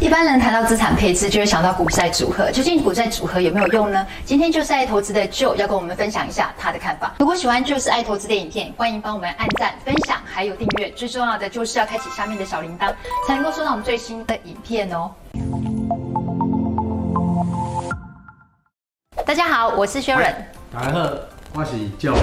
一般人談到資產配置，就會想到股債組合。究竟股債組合有沒有用呢？今天 Joe 是嗨投資的 Joe 要跟我們分享一下他的看法。如果喜歡 Joe 是嗨投資的影片，歡迎幫我們按讚、分享，還有訂閱。最重要的就是要開啟下面的小鈴鐺，才能夠收到我們最新的影片哦、喔。大家好，我是雪倫。大家好，我是 Joe。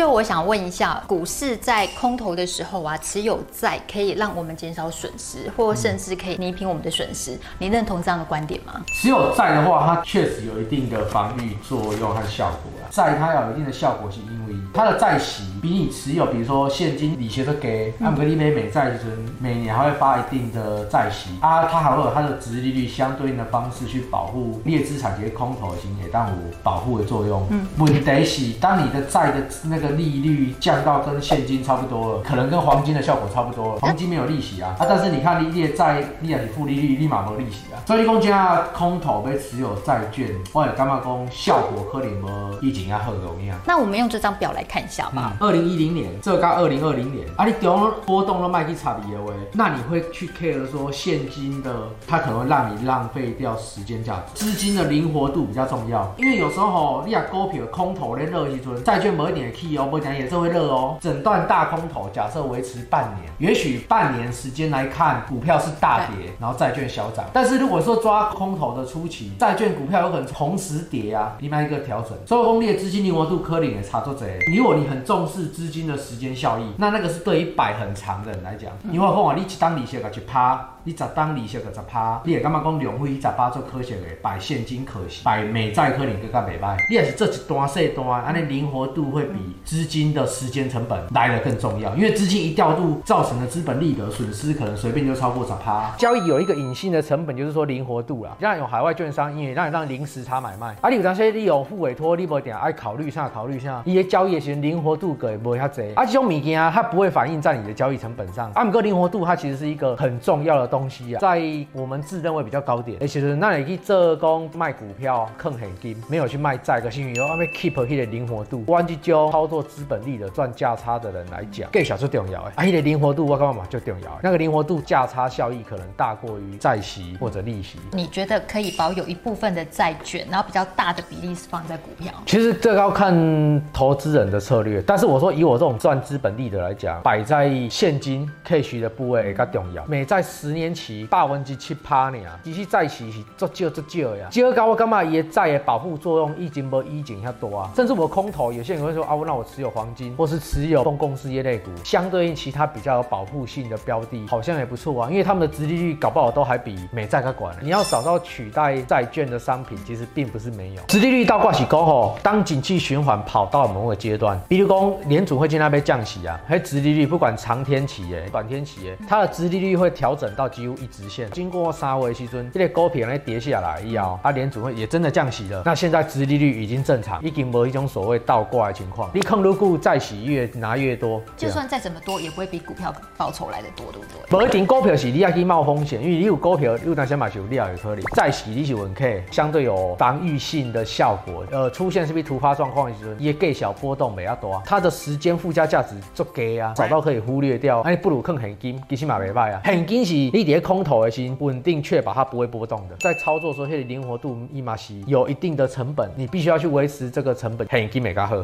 就我想問一下，股市在空頭的時候啊，持有債可以讓我們減少損失，或甚至可以彌平我們的損失。你認同這樣的觀點嗎？持有債的話，它確實有一定的防禦作用和效果。債它要有一定的效果，是因為它的債息。比你持有，比如說現金，利息都給，按格利美美債券，每年還會發一定的債息、嗯、啊。它還會有它的殖利率相對應的方式去保護劣資產，即空頭型也當我保護的作用。嗯，問題是，當你的債的那個利率降到跟現金差不多了，可能跟黃金的效果差不多了，黃金沒有利息啊，嗯、啊，但是你看劣你債，你是利率負利率立馬沒有利息啊。所以，講講空頭被持有債券，我有幹嘛講效果可能無以前要好容易啊。那我們用這張表來看一下吧、嗯二零一零年，這個到二零二零年，啊，你動波動了，買起差別的喂，那你會去 care 說現金的，它可能會讓你浪費掉時間價值，資金的靈活度比較重要，因為有時候你要勾平空頭連熱一陣，債券某一點的 key 哦，我講也是會熱哦，整段大空頭假設維持半年，也許半年時間來看，股票是大跌，哎、然後債券小漲，但是如果說抓空頭的初期，債券股票有可能同時跌啊，另外一個調整，所以工力資金靈活度，科里也差作者，如果你很重視。資金的時間效益，那那個是對於擺很長的人來講，因為往往你去當利息，去趴。你十檔利息就十趴，你也感覺講浪費？一十八做科學的，擺現金可選，擺美債科領更加袂歹。你也是做一段四段，安尼靈活度會比資金的時間成本來得更重要。因為資金一調度造成的資本利得損失，可能隨便就超過十趴。交易有一個隱性的成本，就是說靈活度啦。讓你有海外券商，因為讓你讓零時差買賣。啊，你有當些你有複委託，你不點愛考慮上考慮下，伊個交易型靈活度可以佫袂較儕。啊，這種物件它不會反映在你的交易成本上。啊，個靈活度它其實是一個很重要的。東西啊，在我們自認為比較高點。其實那你去浙工賣股票，放現金，沒有去賣債。就是、要那個幸運有外面 keep 他的靈活度，彎去交操作資本利的賺價差的人來講，更小是重要哎，啊，他的靈活度我幹嘛嘛就重要，那個靈活度價差效益可能大過於債息或者利息。你覺得可以保有一部分的債券，然後比較大的比例是放在股票。其實這個要看投資人的策略，但是我說以我這種賺資本利的來講，擺在現金 cash 的部位更加重要，每在十年天期百分之七八而已，其實債市是足少足少呀。今個我感覺伊個債個保護作用已經無以前遐多啊。甚至我空頭有些人會說啊，我那我持有黃金，或是持有公共事業類股，相對於其他比較有保護性的標的，好像也不錯啊。因為他們的殖利率搞不好都還比美債還高。你要找到取代債券的商品，其實並不是沒有。殖利率倒掛是講吼，當景氣循環跑到某個階段，比如說聯準會見那邊降息啊，嘿，殖利率不管長天期誒，短天期誒，它的殖利率會調整到。幾乎一直線，經過三月的時候，這個股票來跌下來以後，它、嗯啊、聯準會也真的降息了。那現在殖利率已經正常，已經沒有一種所謂倒掛的情況。你可能如果再洗越拿越多，就算再怎麼多，也不會比股票報酬來得多，對不對？一定股票息你也去冒風險，因為你有股票有單先買就你也有獲利，再息你是穩客，相對有防御性的效果。呃，出現是不是突發狀況的時候，也給小波動不要多啊，它的時間附加價值就低啊，找到可以忽略掉，那、啊、你不如看現金，最起碼袂歹啊。現金是。一疊空頭而心，穩定確保它不會波動的。在操作的時候，它的靈活度一碼有一定的成本，你必須要去維持這個成本。很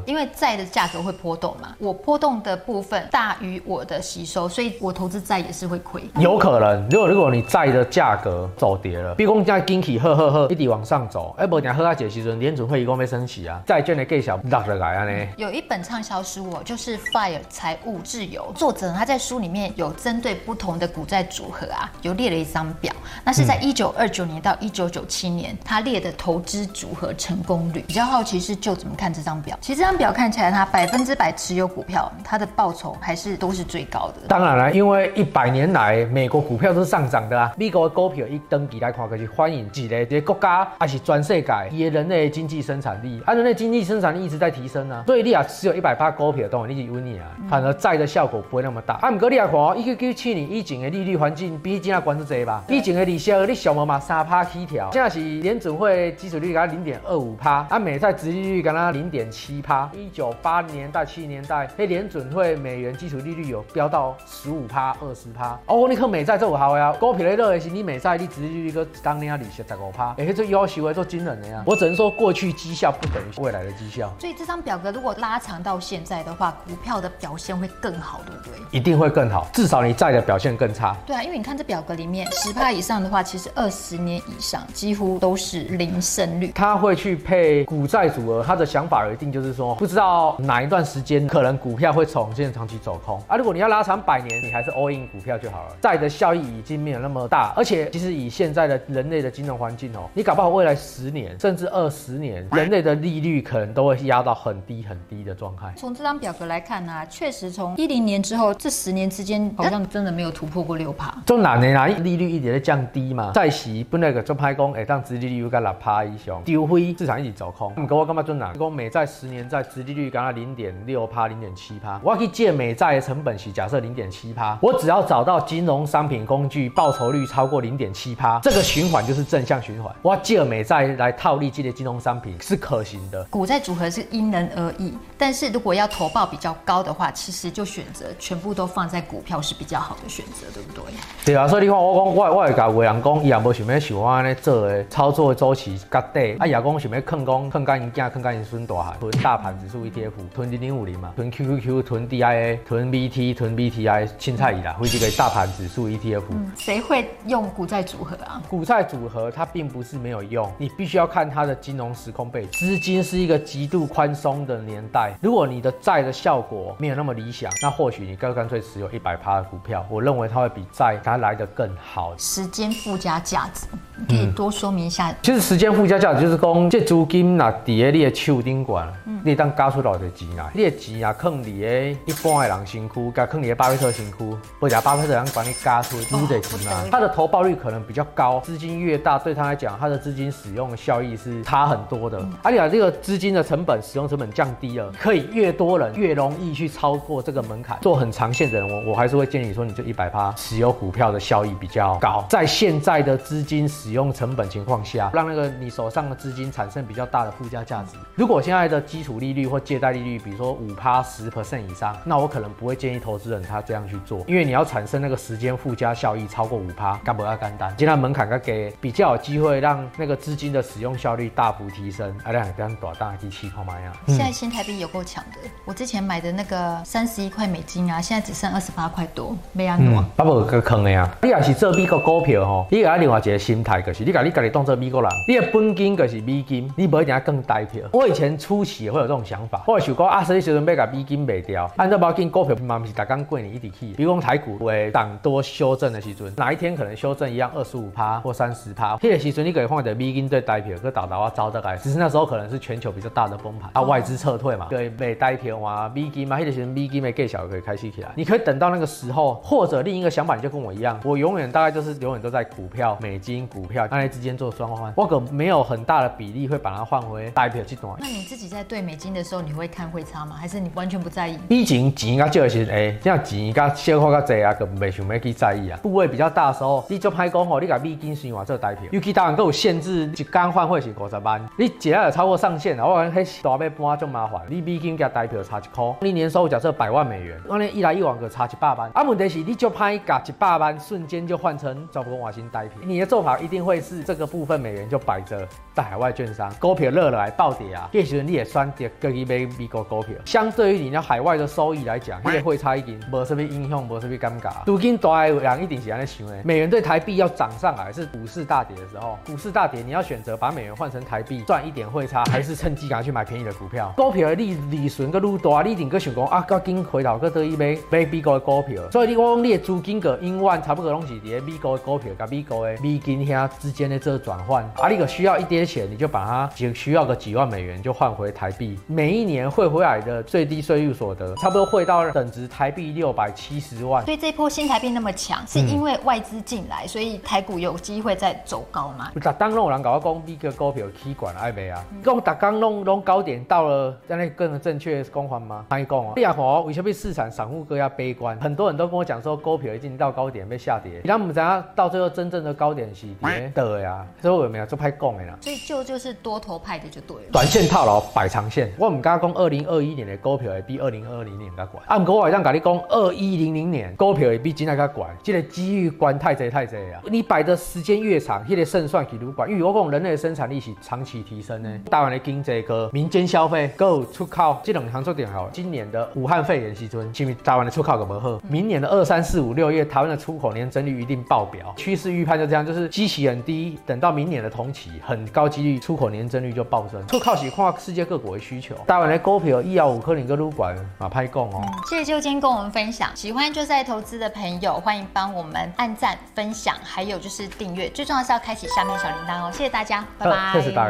因為債的價格會波動嘛，我波動的部分大於我的吸收，所以我投資債也是會虧。有可能，如果如果你債的價格走跌了，比如講金奇呵呵呵，一直往上走，哎、欸，不然喝到這時陣，聯準會一共被升起啊，債券的價格落下來安、啊嗯、有一本暢銷書我、哦、就是《Fire 財務自由》，作者他在書裡面有針對不同的股債組合啊。又列了一張表，那是在一九二九年到一九九七年，他、嗯、列的投資組合成功率。比較好奇是，就怎麼看這張表？其實這張表看起來它，它百分之百持有股票，它的報酬還是都是最高的。當然了，因為一百年來美國股票都是上漲的啊。美國的股票一長期來看，就是歡迎起來，一個國家還是全世界，伊人類的經濟生產力，啊，人類的經濟生產力一直在提升啊。所以利亞持有一百趴股票，當然你是穩呀，嗯、反而債的效果不會那麼大。啊，唔隔利亞看哦、喔，一九九七年以前的利率環境比你怎關注這個吧？對以前的利息，你小嘛嘛三趴起跳，現在是聯準會基礎、啊、利率達那零點二五趴，啊美債殖利率達那零點七趴。一九八零年代、七十年代，嘿聯準會美元基礎利率有飆到十五趴、二十趴。哦，你看美債十五趴呀，高品類勒的時，你美債你殖利率個當年啊利息十五趴，誒這要求誒都驚人的呀、啊！我只能說過去績效不等於未來的績效。所以這張表格如果拉長到現在的話，股票的表現會更好，對不對？一定會更好，至少你債的表現更差。對啊，因為你看這。表格裡面十趴以上的話，其實二十年以上幾乎都是零勝率。他會去配股債組合，他的想法一定就是說，不知道哪一段時間可能股票會重現長期走空啊。如果你要拉長百年，你還是 all in 股票就好了。債的效益已經沒有那麼大，而且其實以現在的人類的金融環境哦，你搞不好未來十年甚至二十年，人類的利率可能都會壓到很低很低的狀態。從這張表格來看呢，確實從一零年之後這十年之間，好像真的沒有突破過六趴，從哪？年來利率一直在降低嘛，債息本來個就派工。誒，當殖利率有加六趴以上，丟去市場一起走空，咁我幹嘛做呢？講美債十年債殖利率加到零點六趴、零點七趴，我要去借美債的成本是假設零點七趴，我只要找到金融商品工具報酬率超過零點七趴，這個循環就是正向循環，我借美債來套利這些金融商品是可行的。股債組合是因人而異，但是如果要投報比較高的話，其實就選擇全部都放在股票是比較好的選擇，對不對？對啊。啊、所以你看我說，我講我我會甲有人講，伊也無想要像我安尼做誒操作，週期較短。啊，也講想要坑講坑甲伊囝，坑干伊孫大孩。囤大盤指數 ETF，囤零零五零嘛，囤 QQQ，囤 DIA，囤 VT，囤 VTI，青菜以啦，或者是大盤指數 ETF。誰、嗯、會用股債組合啊？股債組合它並不是沒有用，你必須要看它的金融時空背景。資金是一個極度寬鬆的年代，如果你的債的效果沒有那麼理想，那或許你乾乾脆持有一百趴的股票。我認為它會比債來得更好的。時間附加價值，可以多說明一下。嗯、其實時間附加價值就是說，這租、個、金吶、底下的酒店管，嗯、你當加出偌多錢來？你的錢啊，坑你的，一般的人辛苦，加坑你的巴菲特辛苦，或者巴菲特人管你加出偌、就是、的錢啊、哦、他的投報率可能比較高，資金越大，對他來講，他的資金使用效益是差很多的。而且、嗯啊、這個資金的成本、使用成本降低了，可以越多人越容易去超過這個門檻。做很長線的人，我我還是會建議說你就100，你這一百趴持有股票的。效益比較高，在現在的資金使用成本情況下，讓那個你手上的資金產生比較大的附加價值。如果現在的基礎利率或借貸利率，比如說五趴十 percent 以上，那我可能不會建議投資人他這樣去做，因為你要產生那個時間附加效益超過五趴，幹不要幹單，既然門檻該給，比較有機會讓那個資金的使用效率大幅提升，哎呀，這樣多大機器好買呀？現在新台幣有夠強的，我之前買的那個三十一塊美金啊，現在只剩二十八塊多，嗯、沒安諾阿伯個坑的呀、啊？你要是做美國股票吼，你阿另外一個心態就是，你把你家己當做美國人，你的本金就是美金，你不一定要更台票。我以前初期也會有這種想法，我也想到啊，所以時陣要把美金賣掉。按照我講，股票蠻不是大剛過年一直去，比如講台股會漲多修正的時陣，哪一天可能修正一樣二十五趴或三十趴，他的時陣你可以換成美金再台票，可到達話得來。只是那時候可能是全球比較大的崩盤，啊外資撤退嘛，對美台票哇美金嘛、啊，他的時美金沒減小可以開始起來。你可以等到那個時候，或者另一個想法，你就跟我一樣。我永遠大概就是永遠都在股票、美金、股票那些之間做轉換，我可沒有很大的比例會把它換回台幣去轉。那你自己在兌美金的時候，你會看匯差嗎？還是你完全不在意？以前錢較少的時候，哎、欸，這樣錢噶消耗噶多啊，可沒想要去在意啊。部位比較大的時候，你就派工吼，你把美金先換做台幣，尤其台灣都有限制，一天換匯是五十萬，你一下有超過上限，我講嘿大麥搬種麻煩。你美金加台幣差一元，你年收入假設百萬美元，我你一來一往就差一百萬。啊，問題是你就怕加一百萬。瞬間就換成交股王新台幣，你的做法一定會是這個部分美元就擺着在海外券商，股票熱了來暴跌啊，變息你也算也可以買美國股票。相對於你那海外的收益來講，你也差已經無什麼影響，無什麼尷尬。資金大誒人一定是安尼想的，美元對台幣要漲上來，是股市大跌的時候，股市大跌你要選擇把美元換成台幣賺一點匯差，還是趁機趕快去買便宜的股票？股票而利利潤個路大，你一定個想講啊，較緊回頭去買買美國股票。所以我說你我講你誒資金個差。不可能西，跌美國的股票跟美國的美金之間的這個轉換，啊，你個需要一點錢，你就把它就需要個幾萬美元就換回台幣，每一年匯回來的最低稅率所得，差不多匯到等值台幣六百七十萬。所以這波新台幣那麼強，是因為外資進來，嗯、所以台股有機會再走高嗎？我昨當有人搞啊，講美國股票起管了未啊？講昨當弄弄高點到了，咱來更正確講法嗎？還講哦，哎呀，我以前被市場散戶更加悲觀，很多人都跟我講說，股票已經到高點，下跌，那我們講到最後真正的高點是跌的呀，最後有沒有這派講沒了，的啦，所以就就是多頭派的就對了。短線套牢，擺長線。我不敢講二零二一年的股票會比二零二零年更貴，啊不過我會當講二一零零年股票會比今天更貴。這個機遇觀太窄太窄啊！你擺的時間越長，這、那個勝算是多管，因為我講人類的生產力是長期提升呢。嗯、台灣的經濟和民間消費、Go 出口，這種強處點好。今年的武漢肺炎時候，台灣的出口夠無好？嗯、明年的二三四五六月，台灣的出口。年增率一定爆表，趨勢預判就這樣，就是基期很低，等到明年的同期，很高機率出口年增率就暴增。就靠喜跨世界各國的需求。大碗的股票一幺五，可領個擼管啊，派供哦、嗯。謝謝今天跟我們分享，喜歡就在投資的朋友，歡迎幫我們按贊、分享，還有就是訂閱，最重要是要開啟下面小鈴鐺哦。謝謝大家，拜拜。謝謝大